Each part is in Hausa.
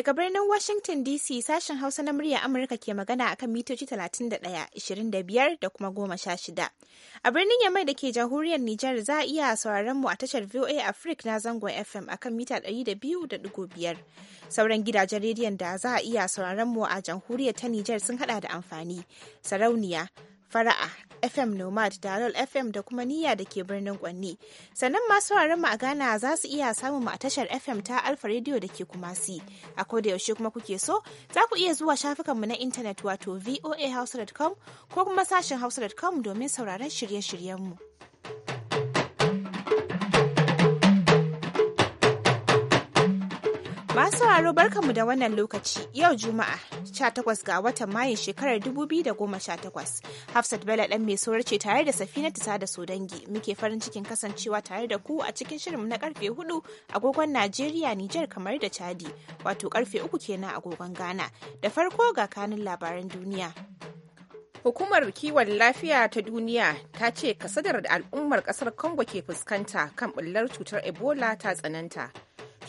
Daga birnin Washington DC sashen Hausa na murya Amurka ke magana a kan mitoci 31, 25 da kuma 16. A birnin Yamai da ke jamhuriyar Nijar za a iya sauraron mu a tashar VOA Africa na zangon FM a kan mita 200.5. Sauran gidajen rediyon da za a iya sauraron mu a jamhuriyar ta Nijar sun hada da amfani, sarauniya, fara'a, FM Nomad da Harol FM da kuma Niyya da ke birnin Kwanni. Sannan masu mu a Ghana za su iya samun mu a tashar FM ta Alfa Radio da ke Kumasi. A koda yaushe kuma kuke so, za ku iya zuwa shafukanmu na intanet wato voahouse.com ko kuma sashen hausa.com domin sauraron shirye-shiryenmu. Masu sauraro barkanmu da wannan lokaci yau Juma'a 18 ga watan Mayun shekarar 2018. Hafsat Bello ɗan mai saurar ce tare da Safina ta da Sodangi. Muke farin cikin kasancewa tare da ku a cikin shirin na karfe 4 agogon Najeriya, Nijar kamar da Chadi, wato karfe 3 kenan agogon Ghana. Da farko ga kanin labaran duniya. Hukumar kiwon lafiya ta duniya ta ce kasadar da al'ummar kasar Congo ke fuskanta kan bullar cutar Ebola ta tsananta.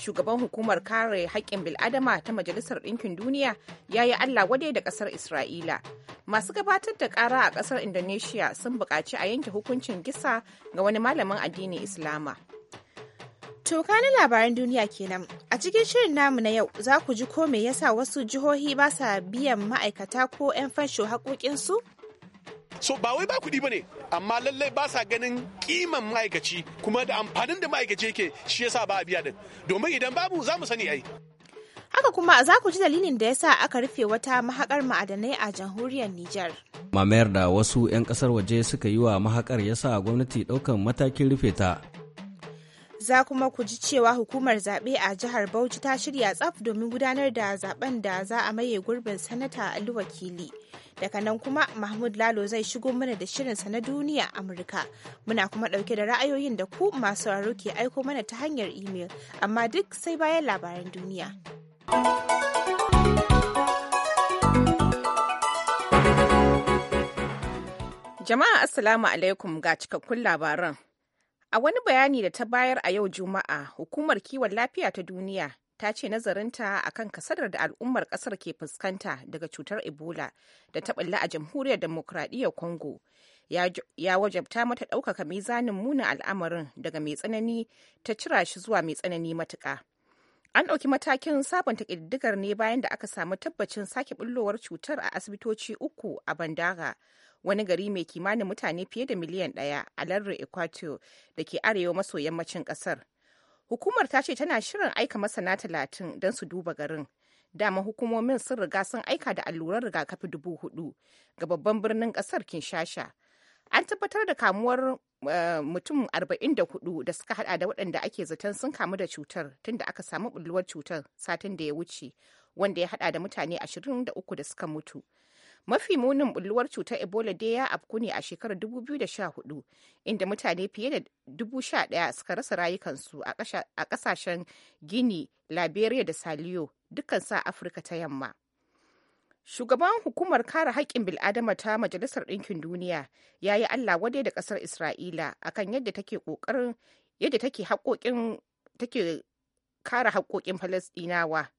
shugaban hukumar kare haƙƙin bil'adama ta majalisar ɗinkin duniya ya yi allah wadai da ƙasar isra'ila masu gabatar da ƙara a ƙasar indonesia sun buƙaci a yanke hukuncin gisa ga wani malamin addinin islama Toka na labaran duniya kenan. A cikin shirin namu na yau za ku ji ko me yasa wasu jihohi ba sa biyan ma'aikata ko 'yan fansho haƙoƙinsu so ba wai ba kuɗi bane amma lallai ba sa ganin kiman ma'aikaci kuma da amfanin da ma'aikaci yake shi yasa ba a biya din domin idan babu za mu sani ai haka kuma za ku ji dalilin da yasa aka rufe wata mahakar ma'adanai a jamhuriyar Nijar. Mamayar da wasu 'yan kasar waje suka yi wa mahakar yasa gwamnati ɗaukan matakin rufe ta. Za kuma ku ji cewa hukumar zaɓe a jihar Bauchi ta shirya tsaf domin gudanar da zaben da za a maye gurbin sanata Ali Wakili. Daga nan kuma Mahmud Lalo zai shigo mana da shirinsa na duniya Amurka. Muna kuma dauke da ra'ayoyin da ku masu sauraro ke aiko mana ta hanyar imel, amma duk sai bayan labaran duniya. Jama'a Assalamu alaikum ga cikakkun labaran. A wani bayani da ta bayar a yau Juma'a, hukumar kiwon lafiya ta duniya ta ce nazarinta a kan kasadar da al'ummar kasar ke fuskanta daga cutar ebola da ta a jamhuriyar demokradiyyar congo ya wajabta mata ɗaukaka mizanin munin al'amarin daga mai tsanani ta cira shi zuwa mai tsanani matuka. an ɗauki matakin sabonta ƙididdigar ne bayan da aka samu tabbacin sake bullowar cutar a asibitoci uku a bandaga wani gari mai kimanin mutane fiye da miliyan ɗaya a larre equator da ke arewa maso yammacin ƙasar Hukumar ta ce tana shirin aika masana talatin don su duba garin. Dama hukumomin sun riga sun aika da alluran rigakafi dubu hudu ga babban birnin kasar Kinshasa. An tabbatar da kamuwar eh, mutum arba'in da da suka hada da waɗanda ake zaton sun kamu da cutar tunda aka samu bulluwar cutar satin da ya wuce wanda ya hada da mutane ashirin da uku da suka mutu. mafi munin bulluwar cutar ebola dai ya afku ne a shekarar 2014 inda mutane fiye da 11,000 suka rasa rayukansu a kasashen gini liberia da saliyo dukkan sa afirka ta yamma shugaban hukumar kare haƙƙin bil'adama ta majalisar ɗinkin duniya ya yi allah wadai da ƙasar isra'ila akan yadda take kokarin yadda take kare haƙoƙin falasɗinawa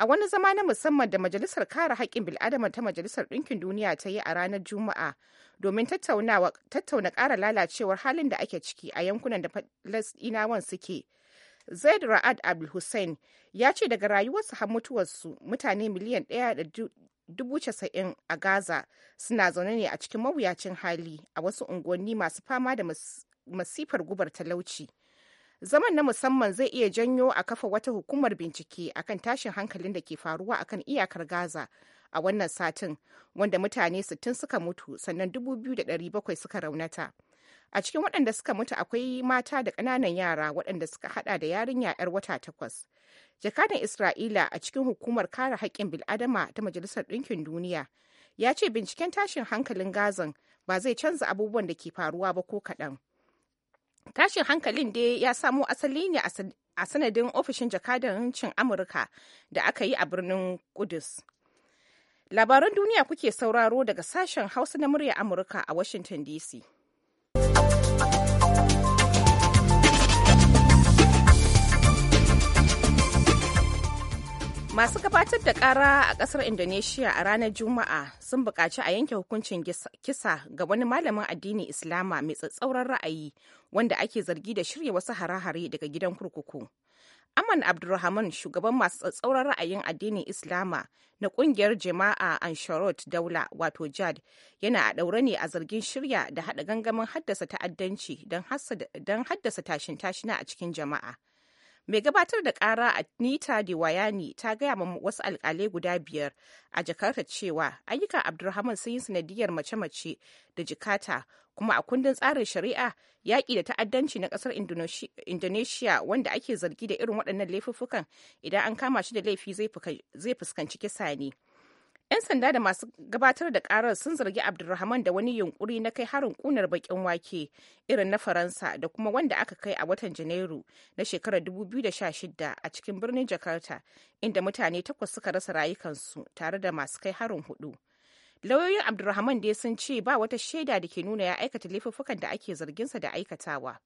A wani zama na musamman da Majalisar Kare Haƙƙin Bil'adama ta Majalisar Ɗinkin Duniya ta yi a ranar Juma'a domin tattauna ƙara lalacewar halin da ake ciki a yankunan da Falasɗinawan suke. Zaid Ra'ad abul Hussein ya ce daga rayuwarsu har mutuwarsu mutane miliyan ɗaya da dubu casa'in a Gaza suna zaune ne a cikin mawuyacin hali a wasu unguwanni masu fama da masifar gubar talauci. zaman na musamman zai iya janyo a kafa wata hukumar bincike akan tashin hankalin da ke faruwa akan iyakar gaza a wannan satin wanda mutane 60 suka mutu sannan 2,700 suka raunata a cikin waɗanda suka mutu akwai mata da ƙananan yara waɗanda suka hada da yarinya 'yar wata takwas jakadan isra'ila a cikin hukumar kare haƙƙin bil'adama ta majalisar ɗinkin duniya ya ce binciken tashin hankalin gazan ba zai canza abubuwan da ke faruwa ba ko kaɗan tashin hankalin dai ya samo asali ne a sanadin ofishin jakadancin amurka da aka yi a birnin kudus labaran duniya kuke sauraro daga sashen hausa na murya amurka a washington dc Masu gabatar da ƙara a ƙasar Indonesia a ranar Juma'a sun buƙaci a yanke hukuncin kisa ga wani malamin addinin Islama mai tsatsauran ra'ayi wanda ake zargi da shirya wasu hare-hare daga gidan kurkuku. Aman Abdulrahman shugaban masu tsatsauran ra'ayin addinin Islama na ƙungiyar Jama'a ansharot Daula wato Jad yana a ɗaure ne a zargin shirya da haɗa gangamin haddasa ta'addanci don haddasa tashin tashina a cikin jama'a mai gabatar da kara anita wayani ta gaya ma wasu alkalai guda biyar a jakarta cewa ayyukan abdulrahman sun yi sanadiyar mace-mace da jikata kuma a kundin tsarin shari'a yaƙi da ta'addanci na ƙasar indonesia wanda ake zargi da irin waɗannan laifuffukan idan an kama shi da laifi zai fuskanci kisa ne 'Yan sanda da masu gabatar da karar sun zargi Abdulrahman da wani yunkuri na kai harin kunar bakin wake irin na Faransa da kuma wanda aka kai a watan Janairu na shekarar 2016 a cikin birnin Jakarta, inda mutane takwas suka rasa rayukansu tare da masu kai harin hudu. Lauyoyin Abdulrahman dai sun ce ba wata shaida da ke nuna ya aikata laifuffukan da ake zarginsa da aikatawa.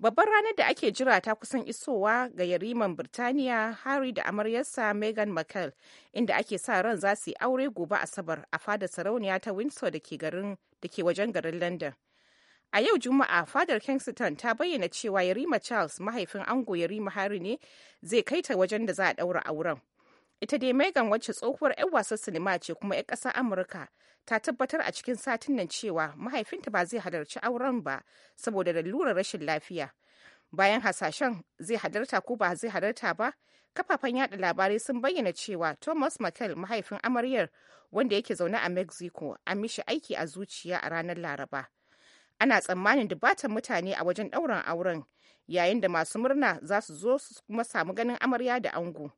babbar ranar da ake jira ta kusan isowa ga yariman birtaniya harry da amaryarsa meghan markle inda ake sa ran za su yi aure gobe asabar a fadar sarauniya ta windsor da ke wajen garin london a yau juma'a fadar kensington ta bayyana cewa yarima charles mahaifin ango yarima harry ne zai kaita wajen da za a daura auren ita dai megan wacce tsohuwar 'yan wasan sinima ce kuma 'yan ƙasar amurka ta tabbatar a cikin satin nan cewa mahaifinta ba zai halarci auren ba saboda lalurar rashin lafiya bayan hasashen zai halarta ko ba zai halarta ba kafafen yada labarai sun bayyana cewa thomas mckel mahaifin amaryar wanda yake zaune a mexico an mishi aiki a zuciya a ranar laraba ana tsammanin dubatan mutane a wajen ɗaurin auren yayin da masu murna za su zo su kuma samu ganin amarya da ango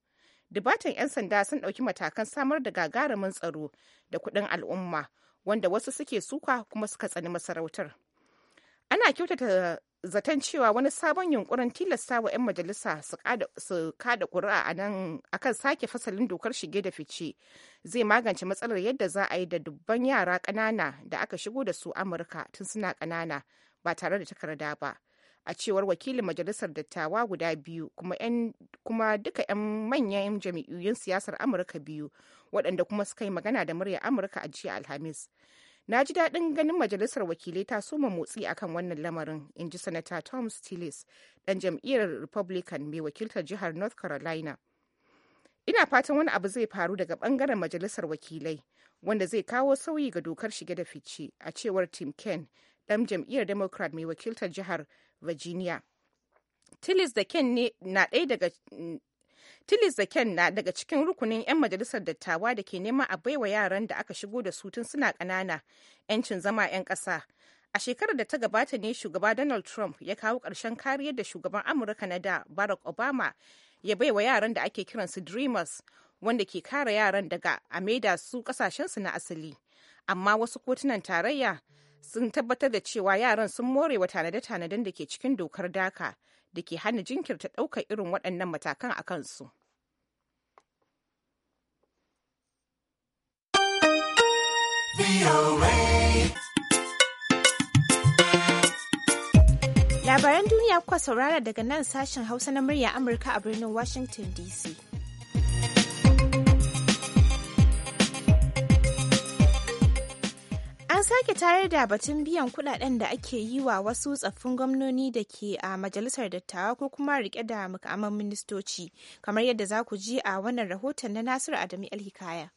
dubatan 'yan sanda sun ɗauki matakan samar da gagarumin tsaro da kuɗin al'umma wanda wasu suke suka kuma suka tsani masarautar ana kyautata zaton cewa wani sabon yunkurin tilasta wa 'yan majalisa su kada kuri'a a nan akan sake fasalin dokar shige da fice zai magance matsalar yadda za a yi da dubban yara ƙanana da aka shigo da su amurka tun suna ƙanana ba tare da takarda ba a cewar wakilin majalisar dattawa guda biyu kuma duka 'yan manyan jam'iyyun siyasar amurka biyu waɗanda kuma suka yi magana da murya amurka a jiya alhamis na ji daɗin ganin majalisar wakilai ta soma motsi akan wannan lamarin in ji sanata tom stilis ɗan jam'iyyar republican mai wakiltar jihar north carolina ina fatan wani abu zai faru daga ɓangaren majalisar wakilai wanda zai kawo sauyi ga dokar shige da fice a cewar tim ken ɗan jam'iyyar democrat mai wakiltar jihar virginia tilis mm, da ken na daga cikin rukunin 'yan majalisar dattawa da ke neman a baiwa yaran da aka shigo da su tun suna ƙanana 'yancin zama 'yan ƙasa. A shekarar da ta gabata ne shugaba Donald Trump ya kawo ƙarshen kariyar da shugaban Amurka na da Barack Obama ya baiwa yaran da ake kiransu Dreamers wanda ke kare yaran daga a kasashen su ƙasashensu na asali. Amma wasu kotunan tarayya sun tabbatar da cewa yaran sun more wa tanade-tanaden da ke cikin dokar daka da ke hana jinkirta ɗaukar irin waɗannan matakan a kansu. Labaran duniya kuka saurara daga nan sashen Hausa na murya Amurka a birnin Washington DC. an sake tayar da batun biyan kudaden da ake yi wa wasu tsaffin gwamnoni da ke a majalisar dattawa ko kuma rike da mukamman ministoci kamar yadda za ku ji a wannan rahoton na nasiru adami alhikaya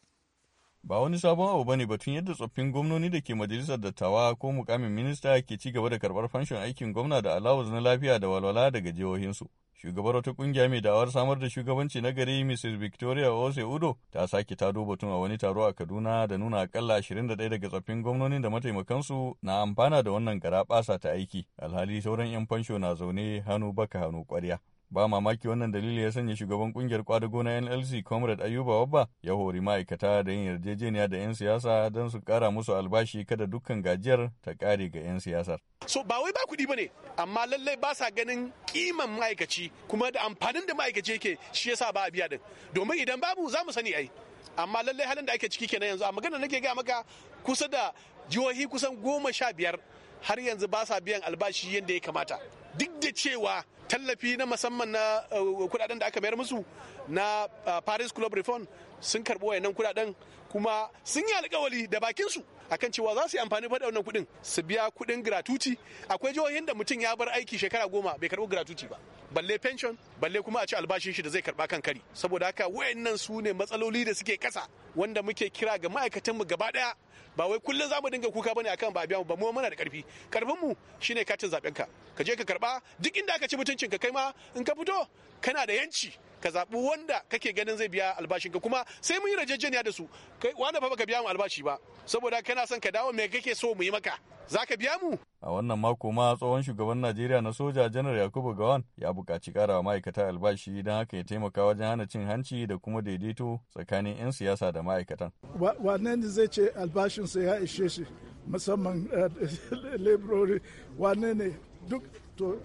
ba wani sabon abu bane batun yadda tsoffin gwamnoni da ke majalisar dattawa ko mukamin minista ke ci gaba da karbar fanshon aikin gwamna da alawus na lafiya da walwala daga jihohinsu Shugabar wata kungiya mai da'awar samar da shugabanci na gari Mrs. Victoria Ose Udo ta sake tado batun a wani taro a Kaduna da nuna akalla 21 daga tsoffin gwamnonin da mataimakansu na amfana da wannan garaɓasa ta aiki alhali sauran 'yan fansho na zaune hannu baka hannu kwarya. Ba mamaki wannan dalili ya sanya shugaban kungiyar kwadago na NLC Comrade Ayuba Wabba ya hori ma'aikata da yin yarjejeniya da 'yan siyasa don su kara musu albashi kada dukkan gajiyar ta kare ga 'yan siyasar. So ba wai ba kuɗi bane amma lallai ba sa ganin kiman ma'aikaci kuma da amfanin da ma'aikaci yake shi yasa ba a biya din. Domin idan babu za mu sani ai. Amma lallai halin da ake ciki kenan yanzu a magana nake ga maka kusa da jihohi kusan goma sha biyar har yanzu ba sa biyan albashi yadda ya kamata. duk da cewa tallafi na musamman na uh, kudaden da aka mayar musu na uh, paris club reform sun karbo wayannan kudaden kuma sun yi alkawari da bakin su akan cewa za su yi amfani da wannan kudin su biya kudin gratuity akwai jihohin da mutum ya bar aiki shekara goma bai karbo gratuti ba balle pension balle kuma a ci albashin shi da zai karba kan kari saboda haka wayannan su ne matsaloli da suke kasa wanda muke kira ga ma'aikatanmu gaba ɗaya. ba wai kullum za mu dinga kuka bane akan ba biya mu ba mu muna da karfi karfin mu shine katin zaben ka ka je ka karba duk inda aka ci mutuncin ka kai ma in ka fito kana da yanci ka zaɓi wanda kake ganin zai biya albashin ka kuma sai mun yi rajajjeniya da su kai wanda fa ka biya mu albashi ba saboda kana son ka dawo me kake so mu yi maka za ka biya mu? A wannan mako ma tsohon shugaban Najeriya na soja janar Yakubu Gawan ya buƙaci ƙarawa ma'aikata albashi don haka ya taimaka wajen hana cin hanci da kuma daidaito tsakanin 'yan siyasa da ma'aikatan. Wane ne zai ce albashinsa ya ishe shi musamman eh, laborori wane ne duk to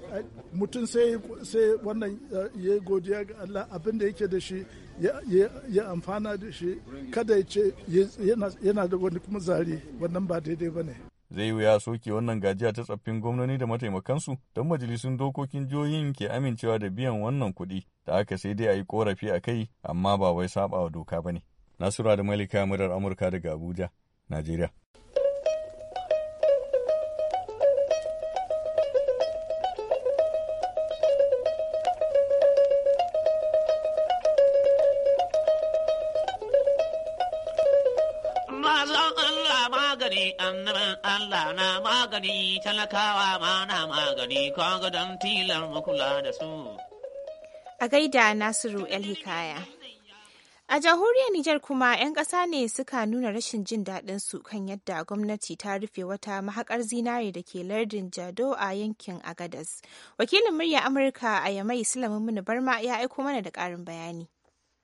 mutum sai wannan eh, ya godiya ga Allah abin da yake da shi ya amfana da shi kada ya ce yana da wani kuma zari wannan ba daidai ba ne. zai wuya soke wannan gajiya ta tsaffin gwamnoni da mataimakansu don majalisun dokokin jihohin ke amincewa da biyan wannan kuɗi da aka sai dai a yi korafi a kai amma ba wai saɓawa doka ba ne. Nasura da Malika Murar Amurka daga Abuja, Najeriya. talakawa ma na magani kaga don tilar makula da su. A gaida Nasiru El Hikaya. A jamhuriyar Nijar kuma 'yan ƙasa ne suka nuna rashin jin daɗin su kan yadda gwamnati ta rufe wata mahaƙar zinare da ke lardin Jado a yankin Agadas. Wakilin murya Amurka a Yamai Sulaiman Barma ya aiko mana da ƙarin bayani.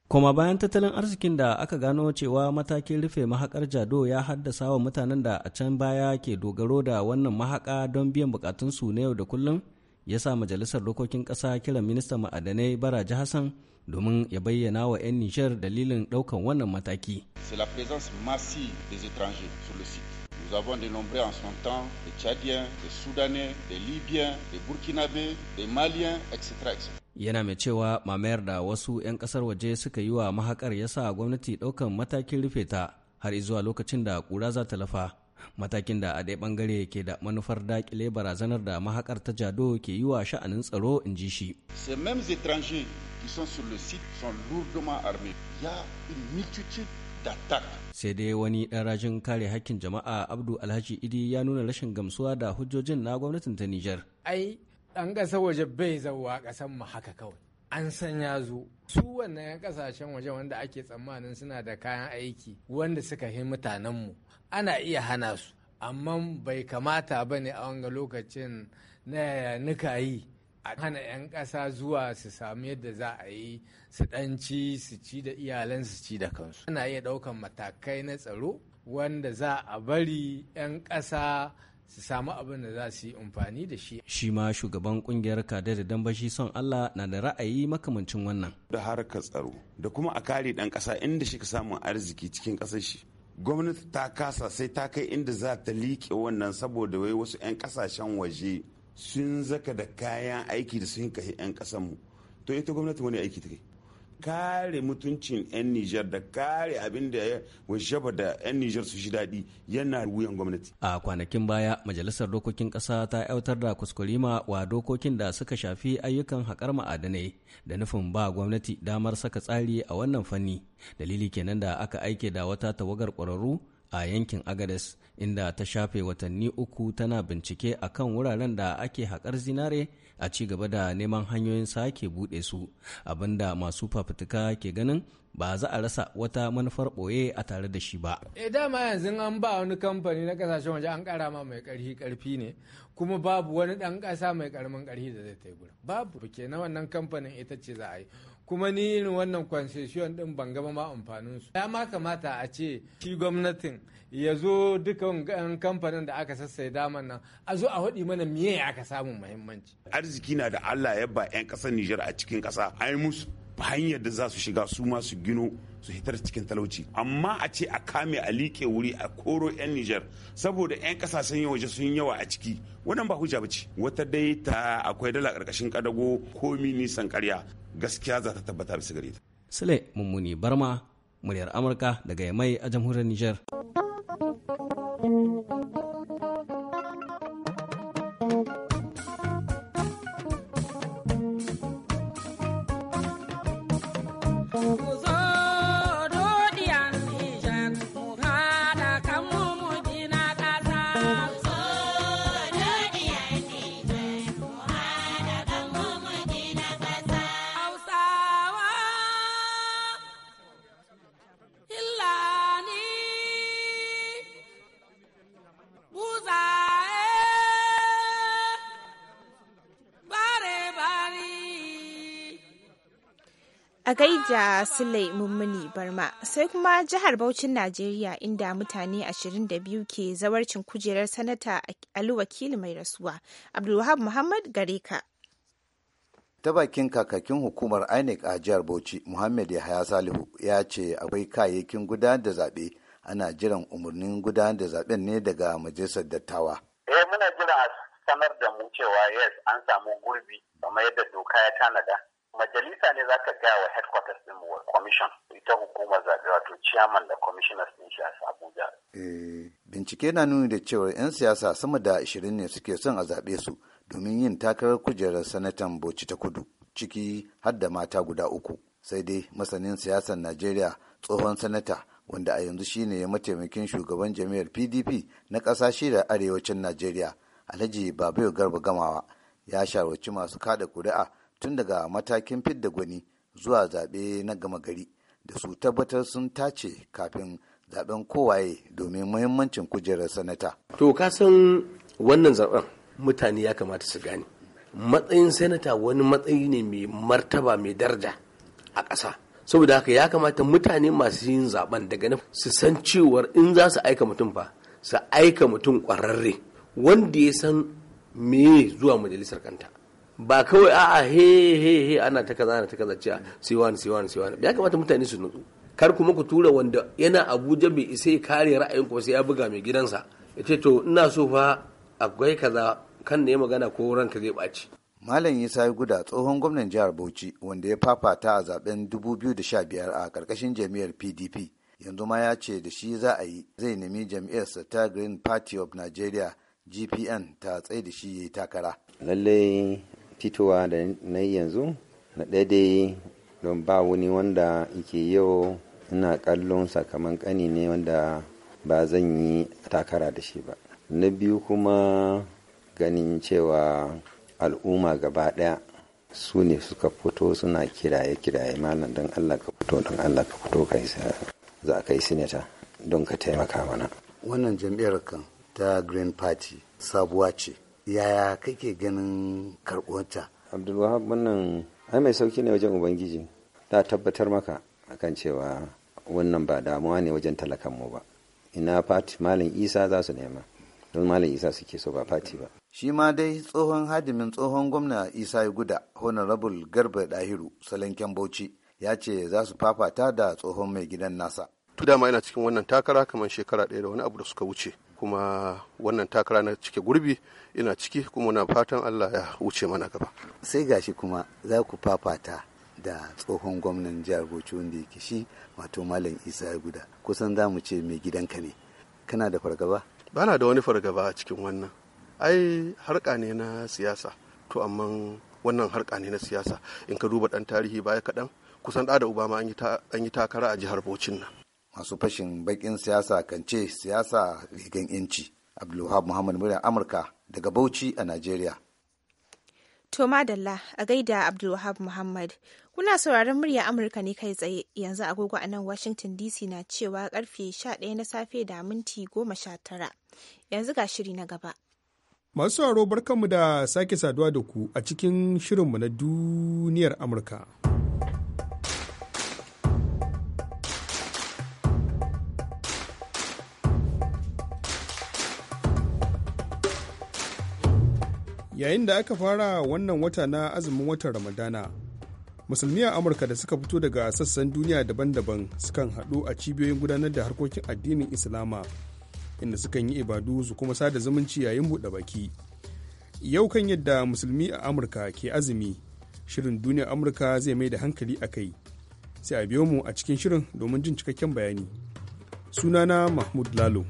Koma bayan tattalin arzikin da aka gano cewa matakin rufe mahakar jado ya haddasa wa mutanen da a can baya ke dogaro da wannan mahaka don biyan bukatunsu na yau da kullum ya sa majalisar dokokin ƙasa kiran ministan ma'adanai baraji hassan domin ya bayyana wa 'yan nishar dalilin ɗaukan wannan mataki. C'est la présence massive des étrangers sur le site. Nous avons dénombré en son temps des Tchadiens, des Soudanais, des Libyens, des Burkinabés, des Maliens, etc. etc. Yana mai cewa mamayar da wasu 'yan kasar waje suka yi wa mahakar ya sa gwamnati ɗaukan matakin rufe ta har zuwa lokacin da ƙura za ta lafa. Matakin da a ɗaya ɓangare ke da manufar daƙile barazanar da mahakar ta jado ke yi wa sha'anin tsaro in ji shi. Ces mêmes étrangers qui sont sur le site sont lourdement armés. Il y a une multitude tak sai dai wani ɗan rajin kare hakkin jama'a abdu alhaji idi ya nuna rashin gamsuwa da hujjojin na gwamnatin ta nijar ai ɗan ƙasa waje bai zauwa ƙasan mu haka kawai an san ya zo su wannan ƙasashen waje wanda ake tsammanin suna da kayan aiki wanda suka yi mutanenmu ana iya hana su amma bai kamata ba ne a wanga lokacin na nika yi a hana 'yan ƙasa zuwa su sami yadda za a yi su ɗanci su ci da iyalan su ci da kansu ana iya ɗaukan matakai na tsaro wanda za a bari 'yan ƙasa su samu abin da za su yi amfani da shi. Shi ma shugaban kungiyar kada da dambashi son Allah na da ra'ayi makamancin wannan. Da harkar tsaro da kuma a kare dan ƙasa inda shi ka samun arziki cikin kasar shi. Gwamnati ta kasa sai ta kai inda za ta liƙe wannan saboda wai wasu 'yan ƙasashen waje sun zaka da kayan aiki da sun kashe 'yan kasanmu to ita gwamnati wani aiki take kare mutuncin 'yan Nijar da kare abin da ya wajaba da 'yan Nijar su shi daɗi yana wuyan gwamnati. A kwanakin baya, Majalisar Dokokin Ƙasa ta yautar da kuskurima wa dokokin da suka shafi ayyukan haƙar ma'adanai da nufin ba gwamnati damar saka tsari a wannan fanni. Dalili kenan da aka aike da wata tawagar ƙwararru a yankin Agades inda ta shafe watanni uku tana bincike a kan wuraren da ake haƙar zinare a ci gaba da neman hanyoyin sake buɗe su abinda masu fafutuka ke ganin ba za a rasa wata manufar ɓoye a tare da shi ba. E dama yanzu an ba wani kamfani na kasashen waje an ƙara ma mai ƙarfi ƙarfi ne kuma babu wani ɗan ƙasa mai ƙaramin ƙarfi da zai ta yi Babu ke na wannan kamfanin ita ce za a yi. kuma ni irin wannan concession din ban gama ma amfanin su ya ma kamata a ce shi gwamnatin ya zo dukan kamfanin da aka sassai daman nan a zo a haɗi mana miye aka samu muhimmanci arziki na da Allah ya ba 'yan ƙasar Nijar a cikin ƙasa ai musu hanyar da za su shiga su ma su gino su hitar cikin talauci amma a ce a kame a liƙe wuri a koro 'yan Nijar saboda 'yan ƙasashen waje sun yawa a ciki wannan ba hujja ba ce. wata dai ta akwai dala ƙarƙashin kadago komi nisan ƙarya gaskiya za ta tabbata bisa gare ta sule mummuni barma muryar amurka daga yamai a jamhuriyar Nijar. da Sulai Mummuni Barma sai kuma jihar Bauchin Najeriya inda mutane 22 ke zawarcin kujerar sanata Ali Wakili mai rasuwa. Abdulwahab Muhammad Gareka. ta bakin kakakin hukumar inec a jihar bauchi muhammad yahaya salihu ya ce akwai kayayyakin gudanar da zaɓe ana jiran umarnin gudanar da zaɓen ne daga majalisar dattawa eh muna jira a sanar da mu cewa yes an samu gurbi kamar yadda doka ya tanada majalisa ne za ka wa headquarters din wa commission ita hukumar zaɓe wato chairman da commissioners din shi a Abuja. Eh, bincike na nuni da cewa 'yan siyasa sama da 20 ne suke son a zaɓe su domin yin takarar kujerar sanatan Bauchi ta Kudu ciki har da mata guda uku. Sai dai masanin siyasar Najeriya tsohon sanata wanda a yanzu shine ya mataimakin shugaban jami'ar PDP na ƙasashe da arewacin Najeriya Alhaji Babayo Garba Gamawa ya shawarci masu kada kuri'a tun daga matakin fidda gwani zuwa zaɓe na gama gari da su tabbatar sun tace kafin zaɓen kowaye domin muhimmancin kujerar sanata. To ka san wannan zaɓen mutane ya kamata su gane. Matsayin sanata wani matsayi ne mai martaba mai daraja a ƙasa. Saboda haka ya kamata mutane masu yin zaɓen daga na su san cewar in za su aika mutum fa su aika mutum ƙwararre wanda ya san me zuwa majalisar kanta. ba kawai a he he he ana ta kaza ana ta kaza cewa siwan siwan siwan ya kamata mutane su nutsu kar kuma ku tura wanda yana Abuja bai isa ya kare ra'ayin ku sai ya buga mai gidansa ya ce to ina so fa akwai kaza kan ne magana ko ranka zai ɓaci. Malam Isa Guda tsohon gwamnan jihar Bauchi wanda ya fafata a zaben 2015 a karkashin jami'ar PDP yanzu ma ya ce da shi za a yi zai nemi jam'iyyarsa ta Green Party of Nigeria GPN ta tsaye da shi ya yi takara. Lallai fitowa da na yanzu na ɗaya don ba wani wanda yake yau ina kallon sakaman ƙani ne wanda ba zan yi takara da shi ba na biyu kuma ganin cewa al'umma gaba ɗaya su ne suka fito suna kiraye-kiraye malam don allah ka fito don allah ka fito ka za ka yi sinita don ka taimaka mana wannan jam'iyyar kan ta green party sabuwa ce yaya kake ganin karɓuwarta abdulwahab wannan ai mai sauki ne wajen ubangiji ta tabbatar maka kan cewa wannan ba damuwa ne wajen mu ba ina fati malam isa za su nema don malam isa suke so ba fati ba shi ma dai tsohon hadimin tsohon gwamna isa guda honorable garba dahiru salanken bauchi ya ce za su fafata da tsohon mai gidan nasa tudama yana cikin wannan takara kamar shekara ɗaya da wani abu da suka wuce kuma wannan takara na cike gurbi ina ciki kuma na fatan allah ya wuce mana gaba sai gashi kuma za ku fafata da tsohon gwamnan jihar bauchi wanda yake shi wato malam isa guda kusan za mu ce mai gidanka ne kana da fargaba bana da wani fargaba a cikin wannan ai harka ne na siyasa to amma wannan harka ne na siyasa in ka duba dan tarihi baya kaɗan kusan da uba ma an yi takara a jihar bauchi nan masu fashin bakin siyasa kan ce siyasa rigan yanci abdulwahab muhammad muryar amurka daga bauchi a najeriya to madalla a gaida abdulwahab muhammad kuna sauraron murya amurka ne kai tsaye yanzu agogo a nan washington dc na cewa karfe 11 na safe da minti 19 yanzu ga shiri na gaba masu sauraro barkanmu da sake saduwa da ku a cikin shirinmu na duniyar amurka yayin da aka fara wannan wata na azumin watan ramadana musulmi a amurka da suka fito daga sassan duniya daban-daban sukan haɗu a cibiyoyin gudanar da harkokin addinin islama inda sukan yi ibadu su kuma sada zumunci yayin buɗe baki yau kan yadda musulmi a amurka ke azumi shirin duniya amurka zai mai da hankali a kai sai a biyo mu a cikin shirin domin jin cikakken bayani sunana mahmud lalo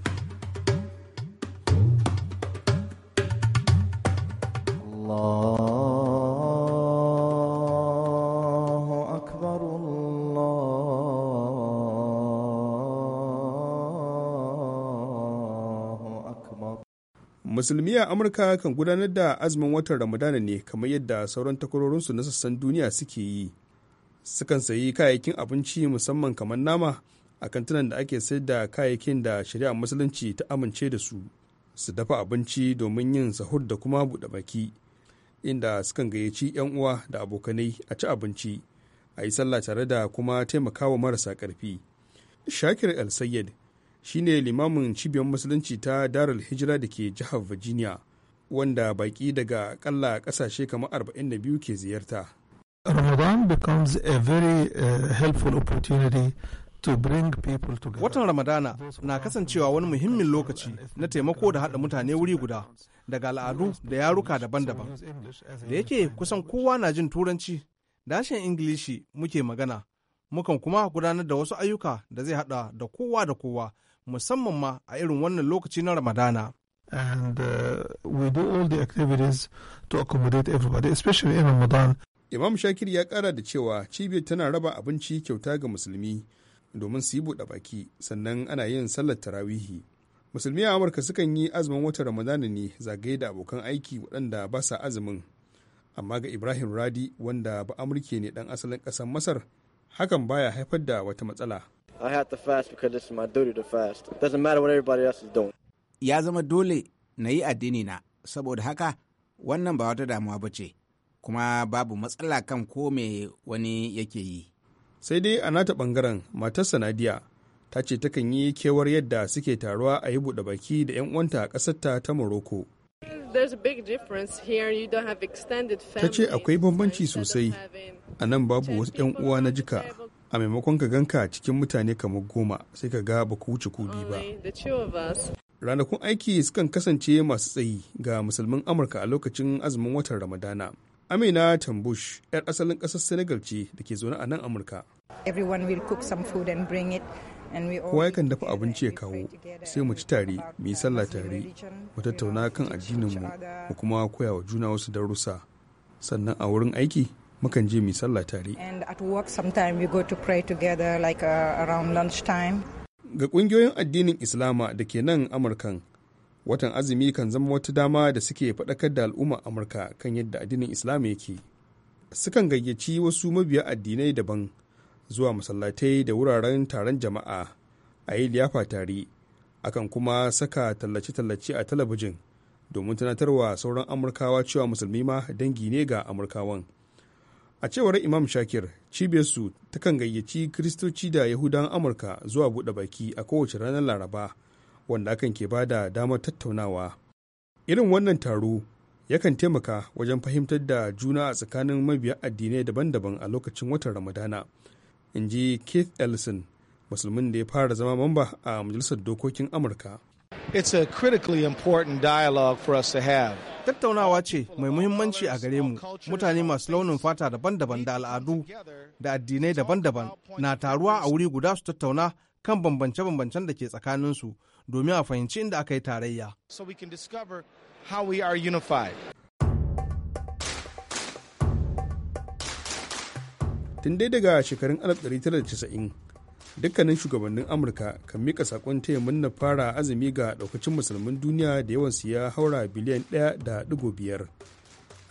musulmi a amurka kan gudanar da azumin watan ramadana ne kamar yadda sauran takwarorinsu na sassan duniya suke yi sukan sayi kayayyakin abinci musamman kamar nama a kantinan da ake sayar da kayayyakin da shari'a musulunci ta amince da su su dafa abinci domin yin sahur da kuma buɗe baki inda sukan gayyaci 'yan uwa da abokanai a ci abinci a yi sallah tare da kuma taimakawa marasa ƙarfi shakir el sayyid shine limamin cibiyar musulunci ta darul hijira da ke jihar virginia wanda baki daga akalla kasashe kamar 42 ke ziyarta ramadan becomes a very uh, helpful opportunity Watan Ramadana na kasancewa wani muhimmin lokaci na taimako da haɗa mutane wuri guda daga al'adu da yaruka daban-daban. Da yake kusan kowa na jin turanci, dashen Ingilishi muke magana, mukan kuma gudanar da wasu ayyuka da zai haɗa da kowa da kowa musamman ma a irin wannan lokaci na Ramadana. And uh, we do all the activities to accommodate everybody, especially in Ramadan. Imam Shakir ya kara da cewa cibiyar tana raba abinci kyauta ga musulmi domin su yi buɗe baki sannan ana yin sallar tarawihi. Musulmi a Amurka sukan yi azumin watan Ramadana ne zagaye da abokan aiki waɗanda ba sa azumin. Amma ga Ibrahim Radi wanda ba Amurke ne ɗan asalin ƙasar Masar hakan baya haifar da wata matsala. I have to fast because Ya zama dole na yi addini na, saboda haka wannan ba wata damuwa ba ce, kuma babu matsala kan ko me wani yake yi. Sai dai a nata ɓangaren, matar Sanadiya ta ce takan yi kewar yadda suke taruwa a yi buɗe baki da 'yan uwanta a ƙasarta ta Morocco. Ta ce akwai bambanci sosai, a nan babu wasu 'yan uwa na jika a maimakon ka ganka cikin mutane kamar goma sai ka ga ba ku wuce ku biyu ba ranakun aiki sukan kasance masu tsayi ga musulmin amurka a lokacin azumin watan ramadana amina tambush 'yar asalin ƙasar senegal ce da ke zaune a nan amurka kowa yakan dafa abinci ya kawo sai mu ci tare mu yi sallah tare mu tattauna kan addininmu mu kuma koya wa juna wasu darussa sannan a wurin aiki mukan je mu sallah tare and at work sometime we go to pray together like uh, around lunch time ga kungiyoyin addinin islama da ke nan amurkan watan azumi kan zama wata dama da suke faɗakar da al'umma amurka kan yadda addinin islama yake sukan gayyaci wasu mabiya addinai daban zuwa masallatai da wuraren taron jama'a a yi liyafa tare akan kuma saka tallace-tallace a talabijin domin tunatarwa sauran amurkawa cewa musulmi ma dangi ne ga amurkawan a cewar imam shakir cibiyarsu kan gayyaci kiristoci da yahudan amurka zuwa buɗe baki a kowace ranar laraba wanda akan ke ba da damar tattaunawa irin wannan taro yakan taimaka wajen fahimtar da juna a tsakanin mabiya addinai daban-daban a lokacin watan ramadana in ji keith ellison musulmin da ya fara zama mamba a majalisar dokokin amurka It's a critically important dialogue for us to have. tattaunawa ce mai muhimmanci a gare mu mutane masu launin fata daban-daban da al'adu da addinai daban-daban na taruwa a wuri guda su tattauna kan bambance-bambancen da ke tsakaninsu domin a fahimci inda aka yi tarayya. Tun dai daga shekarun 1990 dukkanin shugabannin amurka kan mika sakon taya na fara azumi ga daukacin musulmin duniya da yawan su ya haura biliyan 1.5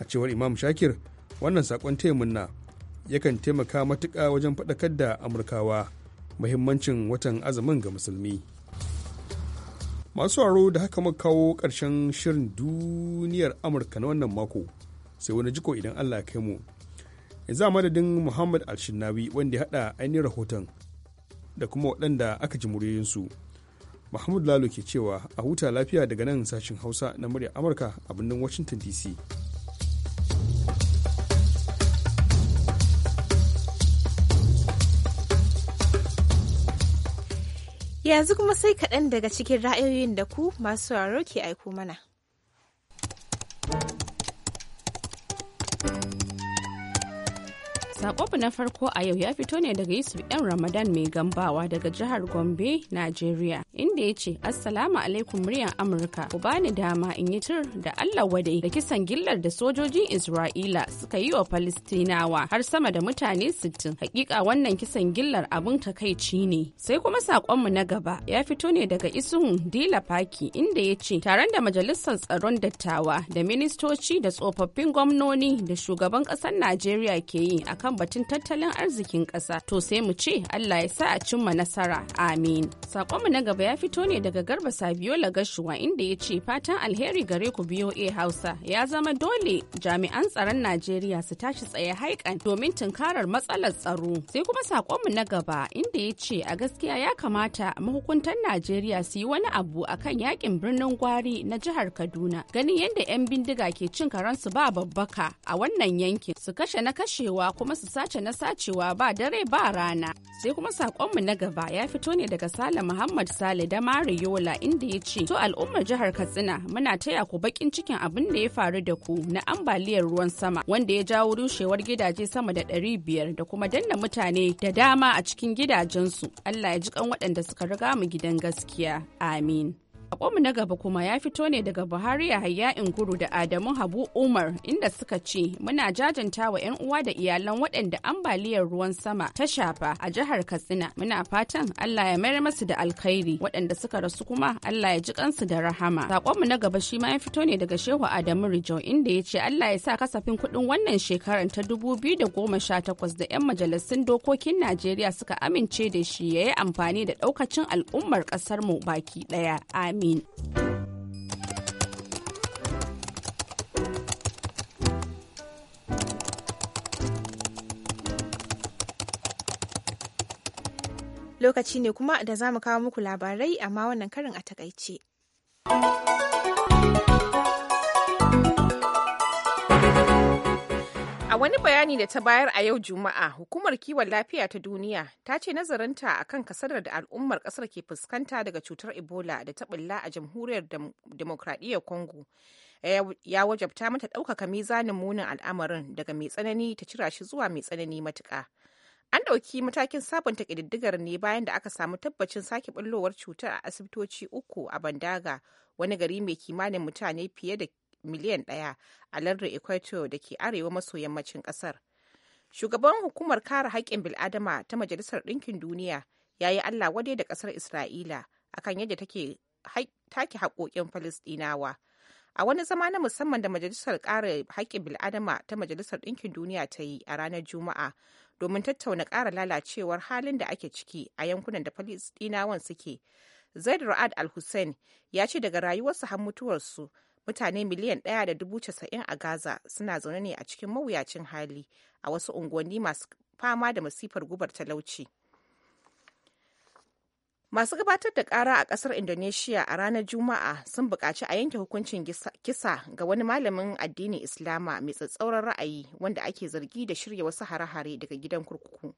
a cewar imam shakir wannan sakon taya murna yakan taimaka matuka wajen faɗakar da amurkawa muhimmancin watan azumin ga musulmi masu aro da haka kawo ƙarshen shirin duniyar amurka na wannan mako sai wani jiko idan allah kai mu yanzu a madadin muhammad alshinawi wanda ya haɗa ainihin rahoton da kuma waɗanda aka ji muryoyinsu mahmud lalo ke cewa a huta lafiya daga nan sashin hausa na murya amurka a birnin washington dc yanzu kuma sai kaɗan daga cikin ra'ayoyin da ku masu sauraro ke aiko mana Sakonmu na farko a yau ya fito ne daga Yusuf yan Ramadan mai gambawa daga jihar Gombe, Najeriya, inda ya ce Assalamu alaikum muryar Amurka, ku bani dama in yi tur da Allah wadai da kisan gillar da sojojin Isra'ila suka yi wa Falistinawa har sama da mutane 60. Hakika wannan kisan gillar abin takaici ne. Sai kuma sakonmu na gaba ya fito ne daga Isuhun Dila Paki, inda ya ce taron da majalisar tsaron dattawa da ministoci da tsofaffin gwamnoni da shugaban ƙasar Najeriya ke yi akan batun tattalin arzikin ƙasa to sai mu ce Allah ya sa a cimma nasara amin sakonmu na gaba ya fito ne daga garba sabiola lagashuwa inda ya ce fatan alheri gare ku boa hausa ya zama dole jami'an tsaron najeriya su tashi tsaye haikan domin tunkarar matsalar tsaro sai kuma sakonmu na gaba inda ya ce a gaskiya ya kamata mahukuntan najeriya su yi wani abu akan yakin birnin gwari na jihar kaduna ganin yadda 'yan bindiga ke cin karansu ba babbaka a wannan yankin su kashe na kashewa kuma su sace na sacewa ba dare ba rana. Sai kuma sakonmu na gaba ya fito ne daga Sale Muhammad Sale da Mariola inda ya ce, To al'ummar jihar Katsina muna taya ku bakin cikin abin da ya faru da ku na ambaliyar ruwan sama wanda ya jawo rushewar gidaje sama da ɗari biyar da kuma danna mutane da dama a cikin gidajensu. Allah ya ji kan waɗanda suka riga mu gidan gaskiya. Amin. mu na gaba kuma ya fito ne daga Buhari Yahaya Inguru da Adamu Habu Umar inda suka ce muna jajanta wa 'yan uwa da iyalan waɗanda ambaliyar ruwan sama ta shafa a jihar Katsina. Muna fatan Allah ya mayar masu da alkhairi waɗanda suka rasu kuma Allah ya ji kansu da rahama. Sakonmu na gaba shi ma ya fito ne daga Shehu Adamu Rijo inda ya ce Allah ya sa kasafin kuɗin wannan shekarar ta dubu biyu da goma sha takwas da 'yan majalisun dokokin Najeriya suka amince da shi ya yi amfani da ɗaukacin al'ummar ƙasarmu baki ɗaya. Amin. amin lokaci ne kuma da za mu kawo muku labarai amma wannan karin a takaice. A wani bayani da ta bayar a yau Juma'a, hukumar kiwon lafiya ta duniya ta ce nazarinta a kan kasadar da al'ummar kasar ke fuskanta daga cutar Ebola da ta bulla a jamhuriyar demokradiyyar Congo. Ya wajabta mata ɗaukaka mizanin munin al'amarin daga mai tsanani ta cira shi zuwa mai tsanani matuka An ɗauki matakin sabunta ƙididdigar ne bayan da aka samu tabbacin sake ɓullowar cutar a asibitoci uku a Bandaga, wani gari mai kimanin mutane fiye da miliyan ɗaya a lardin Equator, da ke arewa maso yammacin ƙasar shugaban hukumar kare haƙƙin bil'adama ta majalisar ɗinkin duniya ya yi allah wadai da ƙasar isra'ila akan yadda take take haƙoƙin falistinawa a wani zama na musamman da majalisar ƙara haƙƙin bil'adama ta majalisar ɗinkin duniya ta yi a ranar juma'a domin tattauna ƙara lalacewar halin da ake ciki a yankunan da falistinawan suke zaid ra'ad al-hussein ya ce daga rayuwarsa har mutuwarsu mutane miliyan ɗaya da dubu casa'in a gaza suna zaune ne a cikin mawuyacin hali a wasu unguwanni masu fama da masifar gubar talauci masu gabatar da ƙara a ƙasar indonesia a ranar juma'a sun buƙaci a yanke hukuncin kisa ga wani malamin addinin islama mai tsatsauran ra'ayi wanda ake zargi da shirya wasu hare-hare daga gidan kurkuku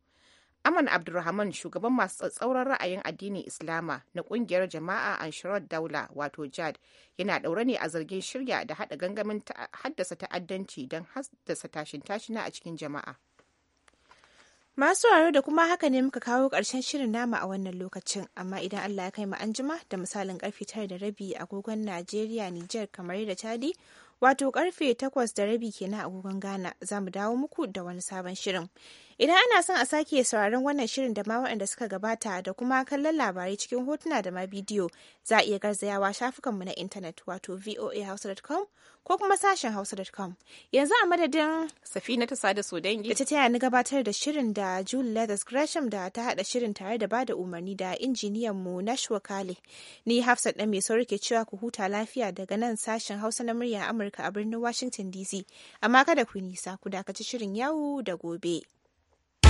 Aman Abdulrahman shugaban masu tsatsauran ra'ayin addinin Islama na kungiyar jama'a Anshirar Daula wato JAD yana ɗaure ne a zargin shirya da haɗa gangamin haddasa ta'addanci don haddasa tashin tashina a cikin jama'a. Masu raro da kuma haka ne muka kawo ƙarshen shirin nama a wannan lokacin, amma idan Allah ya kai mu anjima da misalin karfe tare da rabi agogon Najeriya, niger kamar da Chadi, wato karfe takwas da rabi kenan agogon Ghana, za mu dawo muku da wani sabon shirin. Idan ana son a sake sauraron wannan shirin da ma waɗanda suka gabata da kuma kallon labarai cikin hotuna da ma bidiyo za a iya garzayawa shafukanmu na intanet wato voahouse.com ko kuma sashen hausa.com. Yanzu a madadin Safina ta sada Sodangi. Ita taya ni gabatar da shirin da Jule Leathers Gresham da ta haɗa shirin tare da bada umarni da injiniyan mu na Kale. Ni Hafsat ɗan mai sauri ke cewa ku huta lafiya daga nan sashen Hausa na murya Amurka a birnin Washington DC. Amma kada ku nisa ku dakaci shirin yau da gobe.